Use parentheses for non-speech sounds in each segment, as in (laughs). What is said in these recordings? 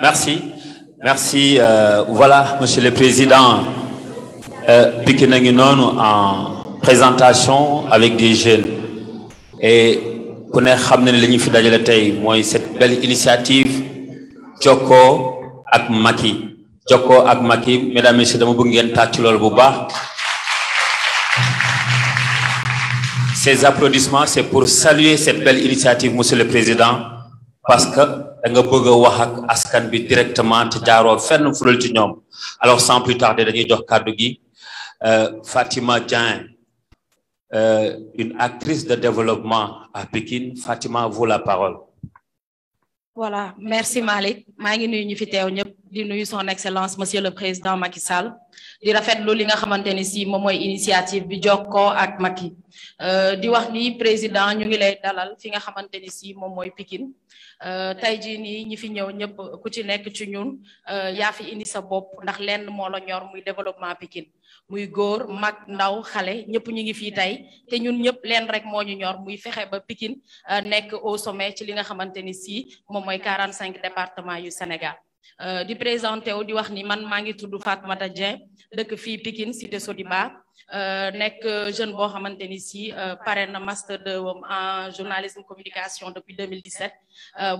Merci. Merci. Euh, voilà, Monsieur le Président, euh, en présentation avec des jeunes. Et pour nous, cette belle initiative Joko ak Maki. Akmaki, mesdames et messieurs dama ces applaudissements c'est pour saluer cette belle initiative monsieur le président parce que da nga bëgg a wax ak askan bi directement te jaaroo fenn fulal ci ñoom alors sans plus tarder dañuy jox gi euh, Fatima Djain, euh, une actrice de développement à Pékin Fatima vous la parole. voilà merci Malik. maa ngi nuyu ñu fi di nuyu son excellence monsieur le président Macky Sall di rafetlu li nga xamanteni si mom moy initiative bi jokko ak Macky euh di wax ni président ñu ngi lay dalal fi nga xamanteni si mom moy Pikine euh tay ji ni ñi fi ñew ñep ku ci nek ci ñun euh ya fi indi sa bop ndax lenn mo la ñor muy développement Pikine muy mak mak ndaw xalé ñep ñu ngi fi tay te ñun ñep lenn rek mo ñu ñor muy fexé ba Pikine euh, nekk au sommet ci li nga xamanteni si mom moy 45 départements yu Sénégal Euh, di présenté wu di wax ni man maa ngi tudd Fatoumata Dieng dëkk fii Pikine cité Sodiba euh, nekk jeune boo xamante ni si euh, master 2 en journalisme communication depuis 2017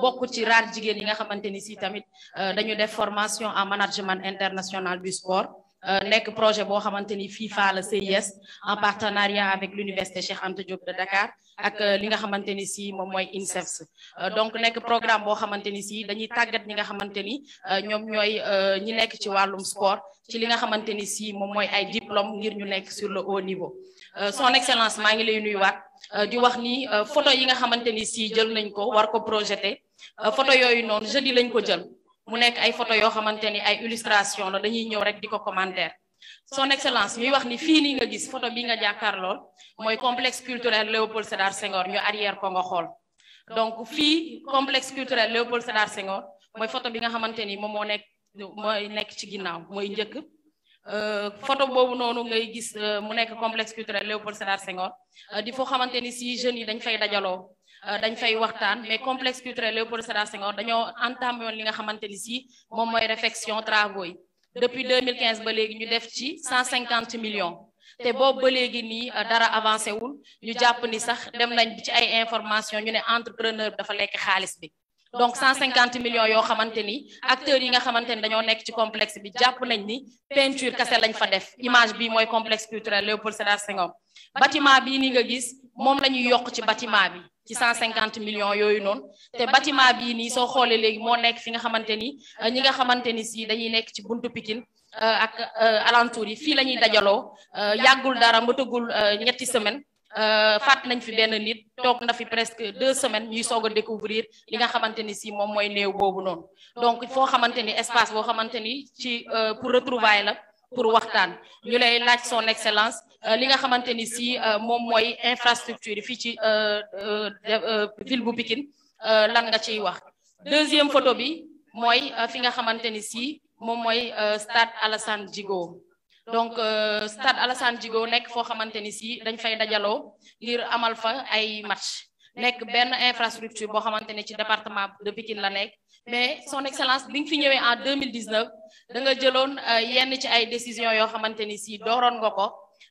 bokk ci raar jigéen yi nga xamante ni si tamit dañu def formation en management international du sport Euh, nekk projet boo xamante ni FIFA la CIS en partenariat avec l'université Cheikh Anta Diop de Dakar ak euh, li nga xamante ni si moom mooy INSEPS euh, donc nekk programme boo xamante ni si dañuy tàggat ñi nga xamante ni ñoom ñooy ñi nekk ci wàllum sport ci li nga xamante ni si moom mooy ay diplôme ngir ñu nekk sur le haut niveau son excellence maa ngi lay nuyuwaat di wax ni photo yi nga xamante ni si jël nañ ko war ko projeté photo yooyu noonu jeudi lañ ko jël mu nekk ay photo yoo xamante ni ay illustration la dañuy ñëw rek di ko commentaire son excellence ñuy wax ni fii nii nga gis photo bi nga jàkkaar lool mooy complexe culturel Léopold Sédar Senghor ñu arrière ko nga xool donc fii complexe culturel Léopold Sédar Senghor mooy photo bi nga xamante ni moom moo nekk mooy nekk ci ginnaaw mooy njëkk Euh, photo bobu nonou ngay gis euh, mu nek complexe culturel Léopold Sédar Senghor euh, di fo xamanteni si jeune yi dañ fay dajalo dañ fay waxtaan mais complexe culturel Léopold Sédar Senghor dañoo entame woon li nga xamanteni si mom moy réflexion travaux depuis 2015 ba légui ñu def ci 150 millions té bobu ba légui ni dara avancé wul ñu japp ni sax dem nañ ci ay information ñu né entrepreneur dafa lek xaliss bi donc 150 millions yo xamanteni acteurs yi nga xamanteni dañu nek ci complexe bi japp nañ ni peinture kase lañ fa def image bi moy complexe culturel Léopold Sédar Senghor bâtiment bi ni nga gis mom la ñuy yokk ci bâtiment bi ci 150 millions yoyu non te bâtiment bi ni so xolé léegi mo nek fi nga xamanteni euh, ñi nga xamanteni si dañuy nek ci buntu Pikine euh, ak euh, alentour yi fi lañuy dajalo dajaloo yàggul dara mbëtagul ñetti semaine Euh, faat nañ fi benn nit toog na fi presque deux semaines ñuy soog a découvrir li nga xamante ni si moom mooy néew boobu noonu donc foo xamante ni espace boo xamante ni ci euh, pour retrouvaille la pour waxtaan ñu laaj son excellence euh, li nga xamante ni si moom mooy infrastructure yi fii ci ville bu Pikine lan nga ciy wax deuxième photo bi mooy fi nga xamante ni si moom mooy stade Alassane Djigo donc euh, stade Alassane Djigo nek fo xamanteni ni si dañ fay dajalo ngir amal fa ay match nek ben infrastructure bo xamanteni ci département de Pikine la nek mais son excellence biñ fi ñëwé en 2019 da nga jëloon euh, yenn ci ay décision yo xamanteni ni si dooroon nga ko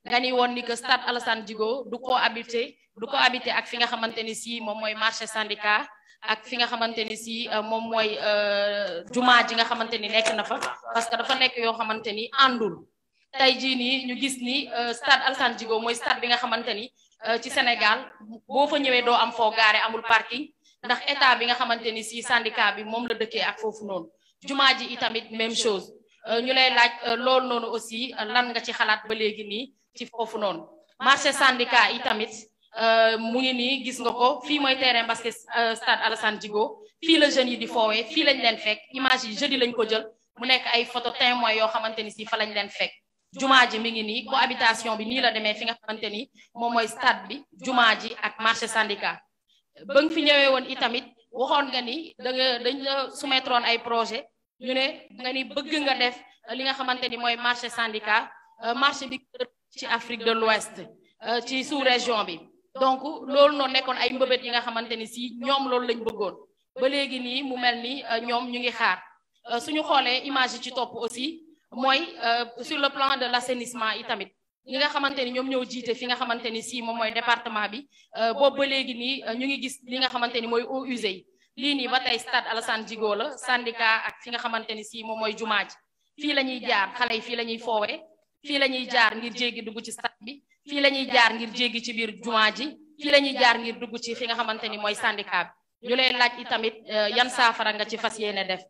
nga ni ni que stade Alassane Djigo du ko habité du ko habité ak fi nga xamanteni ni si moom mooy marché syndicat ak fi nga xamanteni ni si moy euh djuma euh, ji nga xamanteni nek na fa parce que dafa nek yo xamanteni andul tey jii nii ñu gis ni euh, stade Alassane Djigo mooy stade bi nga xamante ni euh, ci Sénégal boo fa ñëwee doo am foo gaare amul parking ndax état bi nga xamante ni si syndicat bi moom la dëkkee ak foofu noonu jumaa ji itamit même chose euh, ñu lay laaj lool noonu aussi lan nga ci xalaat ba léegi nii ci foofu noonu marché syndicat itamit mu ngi nii gis nga ko fii mooy terrain basket stade Alassane Djigo fii la jeunes yi di foowee fii lañ leen fekk image yi jeudi lañ ko jël mu nekk ay photo témoin yoo xamante ni si fa lañ leen fekk jumaa ji mi ngi nii cohabitation bi nii la demee fi nga xamante ni moom mooy stade bi jumaa ji ak marché syndicat ba nga fi ñëwee woon itamit waxoon nga ni da dañ la soumettroon ay projet ñu ne nga ni bëgg nga def li nga xamante ni mooy marché syndicat euh, marché bi ci Afrique de l'Ouest euh, ci sous-région bi donc loolu noonu nekkoon ay mbëbët yi nga xamante ni si ñoom loolu lañ bëggoon ba léegi nii mu mel ni euh, ñoom ñu ngi xaar suñu xoolee image yi ci topp aussi mooy euh, sur le plan de l' assainissement yi tamit ñi nga xamante ni ñoom ñoo jiite fi nga xamante ni si moom mooy département bi euh, boobu ba léegi nii euh, ñu ngi gis li nga xamante ni mooy eaux usées yi lii nii ba tey stade Alassane jigo la syndicat ak fi nga xamante ni si moom mooy jumaa ji fii la ñuy jaar xale yi fii la ñuy foowee fii la ñuy jaar ngir jéegi dugg ci stade bi fii la ñuy jaar ngir jéegi ci biir jumaa ji fii la ñuy jaar ngir dugg ci fi nga xamante ni mooy syndicat bi ñu lay laaj itamit yan saafara nga ci fas yéene def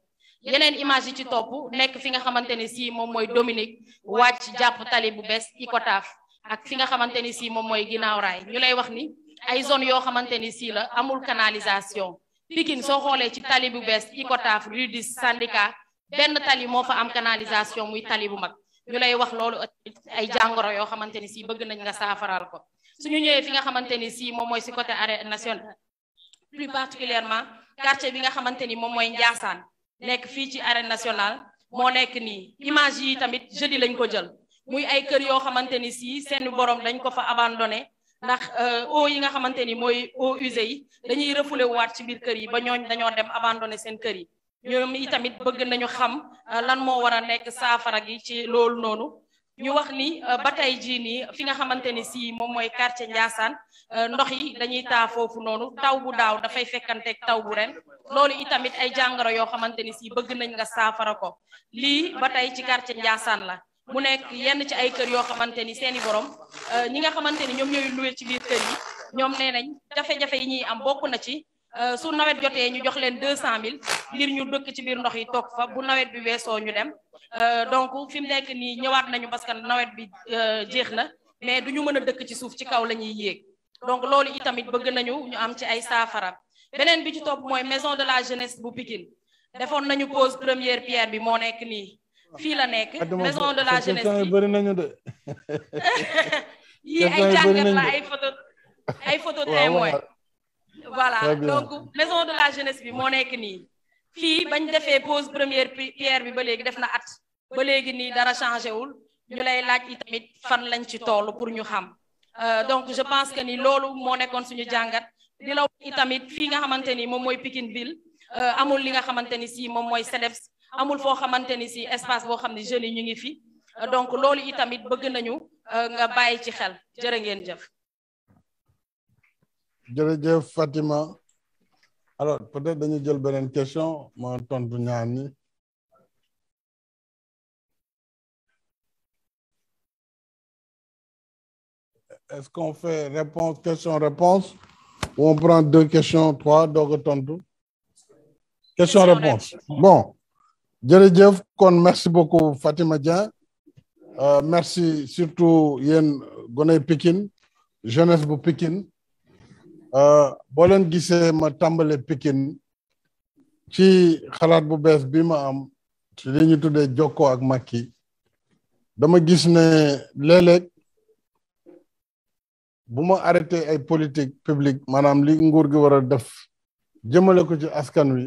yeneen image yi ci topp nekk fi nga xamante ne si moom mooy Dominique wàcc jàpp tali bu bees Icotaf ak fi nga xamante ni si moom mooy ginnaaw raay ñu lay wax ni ay zone yoo xamante ni si la amul canalisation Pikine soo xoolee ci tali bu bees Icotaf rue du syndicat benn tali moo fa am canalisation muy tali bu mag ñu lay wax loolu ay jàngoro yoo xamante ni si bëgg nañ nga saafaral ko su ñu ñëwee fi nga xamante ni si moom mooy si côté arrêt national plus particulièrement bi nga xamante ni moom mooy Ndiassane nekk fii ci arène nationale moo nekk nii image yi tamit jeudi lañ ko jël muy ay kër yoo xamante ni si seen borom dañ ko fa abandonné ndax euh, eau yi nga xamante ni mooy eau usée yi dañuy refoulé waat ci biir kër yi ba ñooñ dañoo dem abandonné seen kër yi ñoom tamit bëgg nañu xam euh, lan moo war a nekk saafara gi ci loolu noonu ñu wax ni euh, ba tey jii nii fi nga xamante ni si moom mooy quartier Ndiassane euh, ndox yi dañuy taa foofu noonu taw bu daaw dafay fekkanteeg taw bu ren loolu itamit ay jàngaro yoo xamante ni si bëgg nañ nga saafara ko lii ba tey ci quartier Ndiassane la mu nekk yenn ci ay kër yoo xamante ni seeni borom euh, ñi nga xamante ni ñoom ñooy luwe ci biir kër yi ñoom nee nañ jafe-jafe yi ñuy am bokk na ci su nawet jotee ñu jox leen deux cent milles ngir ñu dëkk ci biir ndox yi toog fa bu nawet bi weesoo ñu dem euh, donc fi mu nekk nii ñëwaat nañu parce que nawet bi euh, jeex na mais du ñu mën a dëkk ci suuf ci kaw la ñuy yéeg donc loolu itamit bëgg nañu ñu am ci ay saafara beneen bi ci topp mooy maison de la jeunesse bu Pikine defoon nañu pose première pierre bi moo nekk nii fii la nekk maison de la jeunesse bi bëri nañu de (laughs) yii ay jàngat la ay photo ay photo maison de la jeunesse bi moo nekk nii fii bañ defee pose première pierre bi ba léegi def na at ba léegi nii dara changé wul ñu lay laaj itamit fan lañ ci toll pour ñu xam euh, donc je pense que ni loolu moo nekkoon suñu jàngat di la itamit fii nga xamante ni moom mooy Pikine ville euh, amul li nga xamante ni si moom mooy CEDEPS amul foo xamante ni si espace boo xam ne jeunes yi ñu ngi fi euh, donc loolu itamit bëgg nañu nga bàyyi ci xel jërë ngeen jëf. alors peut-être Denis jël question mon est-ce qu'on fait réponse question réponse ou on prend deux questions trois donc a question réponse bon jërëjëf kon merci beaucoup Fatima Euh, merci surtout Yen goney Pikine jeunesse pour Pikine Euh, boo leen gisee ma tàmbalee pikin ci xalaat bu bees bii ma am ci li ñu tuddee jokkoo ak Macky dama gis ne léeg bu ma arrêté ay politique publique maanaam li nguur gi war a def jëmale ko ci askan wi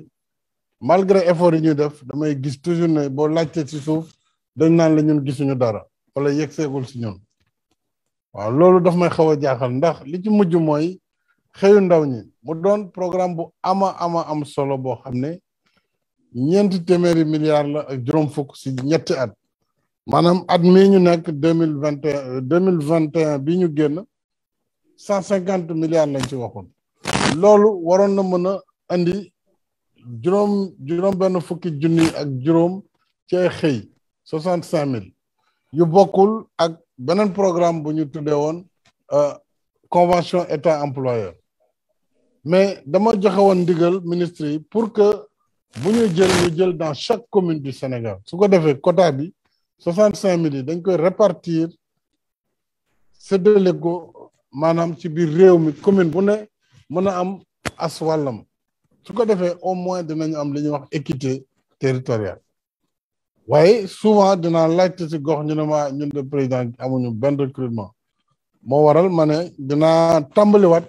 malgré effort yi ñuy def damay gis toujours ne boo laajte ci suuf dañ naan la ñun gisuñu dara wala yegseegul si ñun waaw loolu daf may xaw a jaaxal ndax li ci mujj mooy xëyu ndaw ñi mu doon programme bu ama ama am solo boo xam ne ñeenti téeméeri milliards la ak juróom fukk si ñetti at maanaam at mii ñu nekk deux mille vingt et deux mille vingt et un ñu génn cent cinquante milliards lañ ci waxoon loolu waroon na mën a andi juróom juróom benn fukki junni ak juróom ci ay xëy soixante cinq mille yu bokkul ak beneen programme bu ñu tuddee woon euh, convention état employeur mais dama joxe digal ndigal ministre pour que buñu jël ñu jël dans chaque commune du Sénégal su ko defee quota bi 65 millions. mille dañ koy répartir ce délégo manam ci biir réew mi commune bu ne mën a am as wàllam su ko defee au moins dinañu am li ñuy wax équité territoriale waaye souvent dinaa laajte ci gox ñu ne ma ñun de président amuñu benn recrutement moo waral ma ne dinaa tàmbaliwaat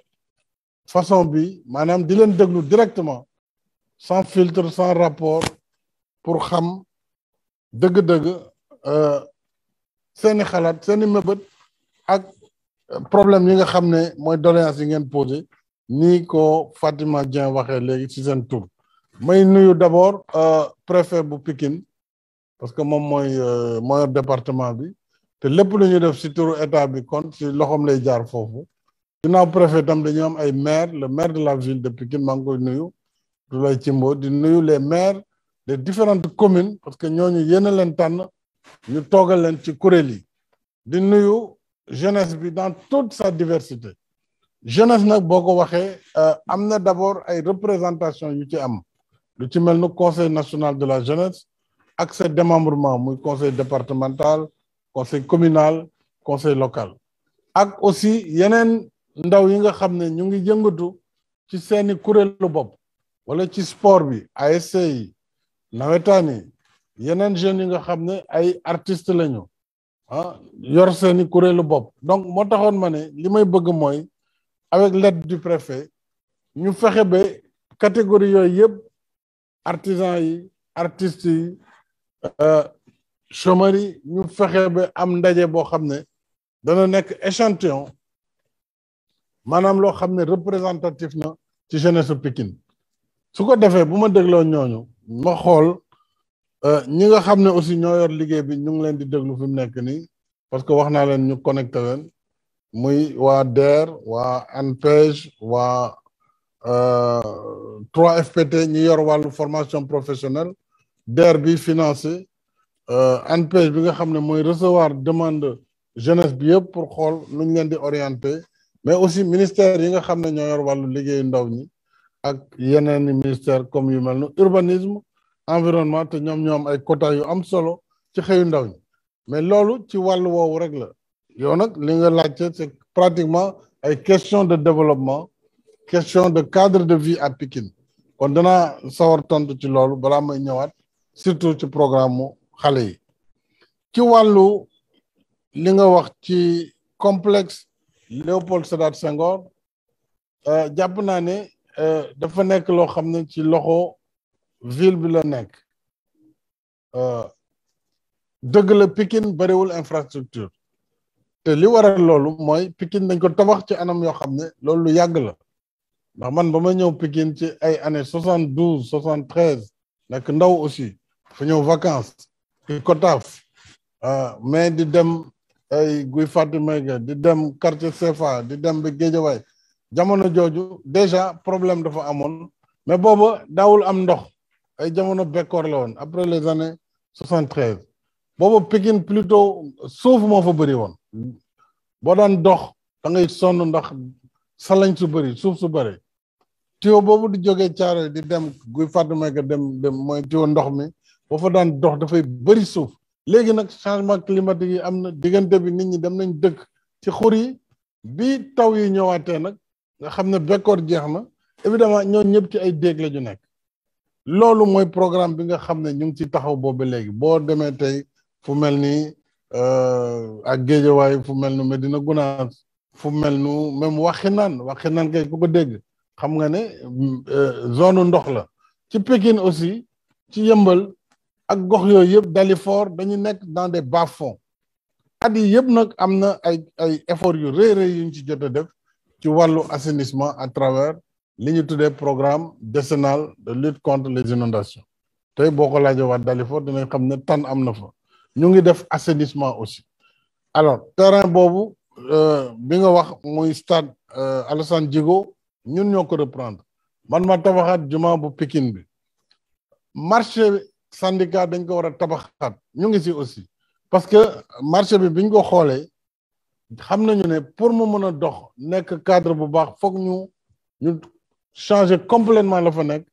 façon bi manam di len déglu directement sans filtre sans rapport pour xam deug euh seeni xalat seeni mebeut ak euh, problème yi nga xamne ne doléance yi ngeen poser ni ko Fatima Dieng waxé légui ci seen tour may nuyu d'abord euh, préfet bu Pikine parce que moom mooy euh, mooy département bi te lepp lu ñuy def ci tour état bi kon ci loxom lay jaar fofu ginnaaw préfet tam dañu am ay maire le maire de la ville de Pikine maa ngi koy nuyu lay Thimbo di nuyu les maires des différentes communes parce que ñooñu yéen a leen tànn ñu toogal leen ci kuréel yi di nuyu jeunesse bi dans toute sa diversité jeunesse nag boo ko waxee euh, am na d'abord ay représentation yu ci am lu ci mel ni conseil national de la jeunesse ak ses démembrements muy conseil départemental conseil communal conseil local ak aussi yeneen ndaw yi nga xam ñu ngi yëngatu ci seeni bopp wala ci sport bi ASC yi nawetaan yi yeneen yi nga ay artiste lañu ah yor seeni bopp donc moo taxoon ma ne avec l'aide du préfet ñu fexe catégorie artisan yi artistes yi euh, am ndaje échantillon manam lo xamné représentatif na ci jeunesse Pikine su ko defee bu ma ñooñu ma xool euh, ñi nga xamné aussi ñoo yor liggéey bi ñu ngi leen di déglu fi mu nekk nii parce que wax leen ñu connecté leen muy waa DER waa wa euh 3FPT ñi yor walu formation professionnelle DER bi financé euh ANPEJ bi nga xamné moy recevoir demande jeunesse bi yëpp pour xool nuñ leen di orienter mais aussi ministère yi nga xam ne ñoo yor wàllu liggéeyu ndaw ñi ak yeneen i ministère comme yu mel ne urbanisme environnement te ñoom ñoom ay quota yu am solo ci xëyu ndaw ñi mais loolu ci wàllu woowu rek la yow nag li nga laajte c'est pratiquement ay question de développement question de cadre de vie à Pikine kon danaa sawar tontu ci loolu balaa may ñëwaat surtout ci programme mu xale yi ci wàllu li nga wax ci complexe Léopold Sédar Senghor euh, jàpp naa ne euh, dafa nekk loo xam ne ci loxo ville bi la nekk euh, dëgg la Pikine bariwul infrastructure te li wara loolu mooy Pikine dañ ko tabax ci anam yoo xam ne loolu lu yàgg la ndax man ba ma ñëw Pikine ci ay années soixante douze soixante treize nekk ndaw aussi fa ñëw vacances ci mais di dem ay guy fàtti mayga di dem quartier CFA di dem ba Géejawaay jamono jooju déjà problème dafa amoon mais booba daawul am ndox ay jamono bekkoor la woon après les années soixante treize booba Pikine plutôt suuf moo fa bëri woon boo daan dox dangay sonn ndax salañ su bëri suuf su bëri tuyau boobu di jógee caaro di dem guy fàttmeke dem dem mooy tuyau ndox mi boo fa daan dox dafay bëri suuf léegi nag changement climatique yi am na diggante bi nit ñi dem nañ dëkk ci xuri bi taw yi ñëwaatee nag nga xam ne bekkoor jeex na évidemment ñoo ñëpp ci ay dégla ñu nekk loolu mooy programme bi nga xam ne ñu ngi ci taxaw boobu léegi boo demee tey fu mel ni euh, ak géejawaay fu mel nu Medina Gunaas fu mel nu même waxinaan waxinaan kay ku ko dégg xam nga ne euh, zone ndox la ci Pikine aussi ci yëmbal ak gox yooyu yëpp Dalifort dañu nekk dans des bas-fonds at yi yëpp nag am na ay ay efforts yu rëy rëy yu ñu ci jot a def ci wàllu assainissement à travers li ñu tuddee programme décennal de lutte contre les inondations tey boo ko laajee waa Dalifort dinañ xam ne tan am na fa ñu ngi def assainissement aussi alors terrain boobu euh, bi nga wax muy stade euh, Alassane Djigo ñun ñoo ko reprendre man ma tabaxaat jumaa bu Pikine bi marché syndicat dañ ko war a tabaxaat ñu ngi si aussi parce que marché bi biñ ko xoolee xam nañu ne pour mu mën a dox nekk cadre bu baax foog ñu ñu changer complètement la fa nekk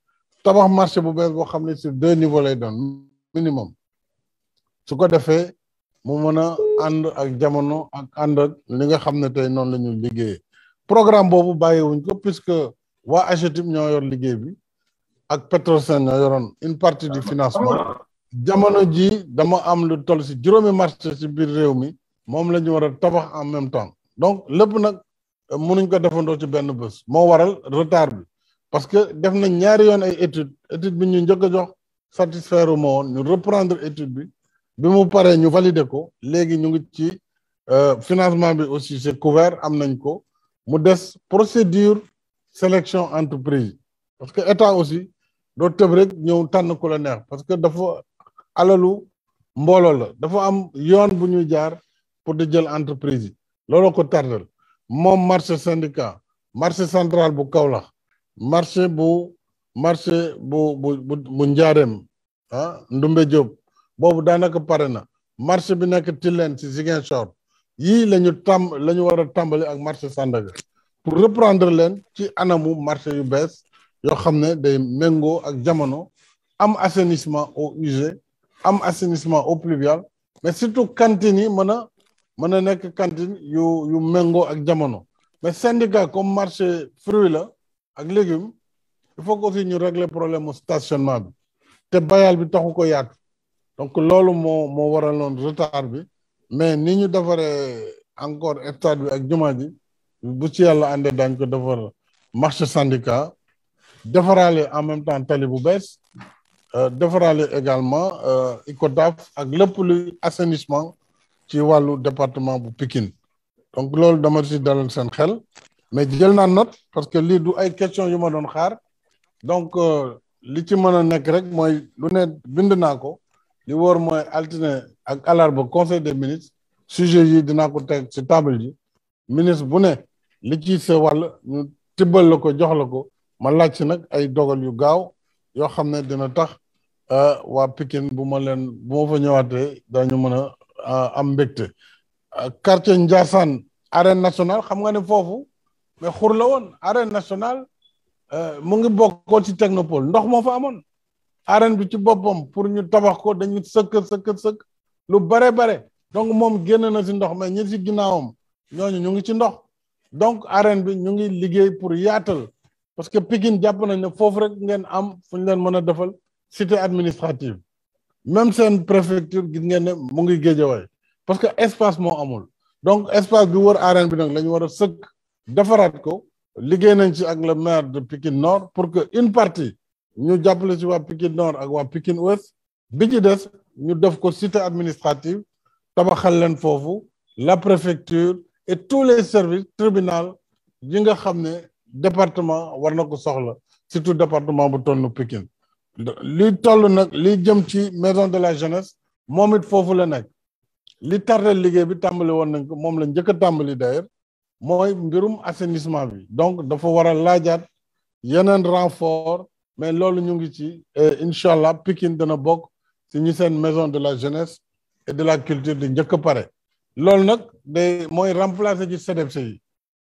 tabax marché bu bees boo xam ne sur deux niveaux lay doon minimum su ko defee mu mën a ànd ak jamono ak ànd ak li nga xam ne tey noonu la ñu liggéeyee programme boobu bàyyiwuñ ko puisque waa HTM ñoo yor liggéey bi ak Petrosen na yoroon une partie du financement jamono ji dama am lu toll ci juróomi marché ci biir réew mi moom la ñu war a tabax en même temps donc lépp nag euh, mënuñ ko defandoo ci benn bés moo waral retard bi parce que def nañ ñaari yoon ay étude étude bi ñu njëkk a jox satisfaire u ñu reprendre étude bi bi mu paree ñu valider ko léegi ñu ngi ci euh, financement bi aussi c'est couvert am nañ ko mu des procédure sélection entreprise parce que état aussi doo tëb rek ñëw tànn ku la neex parce que dafa alalu mbooloo la dafa am yoon bu ñuy jaar pour di jël entreprise yi looloo ko tardal moom marché syndicat marché central bu kawlax marché bu marché bu bu bu bu Njaareem ah Ndumbe Diop boobu daanaka pare na marché bi nekk Tilène ci Ziguinchor yii la ñu la ñu war a tàmbali ak marché Sandaga pour reprendre leen ci anamu marché yu bees yoo xam ne day méngoo ak jamono am assainissement au usée am assainissement au pluvial, mais surtout cantine yi mën a mën a nekk cantine yu yu méngoo ak jamono mais syndicat comme marché fruits la ak légumes il faut que aussi ñu régler problème stationnement bi te bayal bi taxu ko yaatu donc loolu moo moo waraloon retard bi mais ni ñu defaree encore stade bi ak jumaa ji bu ci yàlla àndee daañ ko defar marché syndicat defaraale en même temps tali bu bees euh, defaraale également euh, ICOTAF ak lepp luy assainissement ci walu département bu Pikine donc loolu dama ci dal sen xel mais jël na note parce que li du ay question yu ma don xaar donc euh, li ci mën nek rek moy lu ne bind naa li wor moy altine ak alarba conseil des ministres sujet yi dinaa ko ci table yi ministre bu ne li ci se wal ñu tibbal la jox lako ma laaj nag ay dogal yu gaaw yoo xam ne dina tax euh, waa Pikine bu ma leen bu ma fa ñëwaatee dañu mën a euh, am mbégte euh, quartier Ndiassane arène national xam nga ne foofu mais xur la woon arène nationale mu ngi bokkoon ci technopole ndox moo fa amoon arène bi ci boppam pour ñu tabax ko dañu sëkk sëkk sëkk lu bare bare donc moom génn na si ndox mais ñi si ginnaawam ñooñu ñu ngi ci ndox donc arène bi ñu ngi liggéey pour yaatal parce que Pékin, il nañ ne cité administrative même seen préfecture gis ngeen ne ngi parce que espace amul donc espace bi arène bi a ko nañ le maire de Pékin Nord pour que une partie ñu ci Nord ak waa Ouest bi ñu def ko cité administrative tabaxal leen la préfecture et tous les services tribunal nga département war na ko soxla surtout département bu toll Pikine li toll nag li jëm ci maison de la jeunesse moom it foofu la nekk li tardel liggéey bi tàmbali woon nañ ko moom la njëkk a tàmbali d'ailleurs mooy mbirum assainissement bi donc dafa war a laajaat yeneen renfort mais loolu ñu ngi ci incha allah Pikine dana bokk si ñu seen maison de la jeunesse et de la culture di njëkk a pare loolu nag day mooy remplacer ci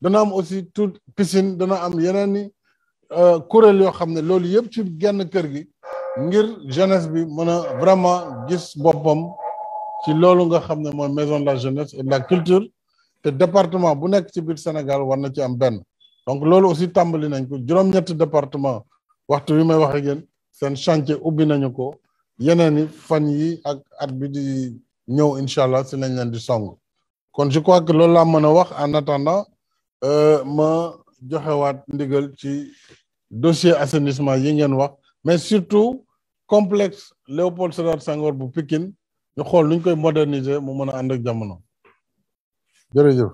dana am aussi tout piscine dana am yeneen i euh, kuréel yoo xam ne loolu yëpp ci genn kër gi ngir jeunesse bi mën a vraiment gis boppam ci loolu nga xam ne mooy maison de la jeunesse et la culture te département bu nekk ci biir Sénégal war na ci am benn donc loolu aussi tàmbali nañ ko juróom-ñetti département waxtu wi may wax ak seen chantier ubbi nañu ko yeneen i fan yi ak at bi di ñëw incha allah si leen di song kon je crois que loolu laa mën a wax en Euh, ma joxewaat ndigal ci dossier assainissement yi ngeen wax mais surtout complexe Léopold Sédar Senghor bu pikin ñu xool nuñ koy moderniser mu mën a ànd ak jamono jërëjëf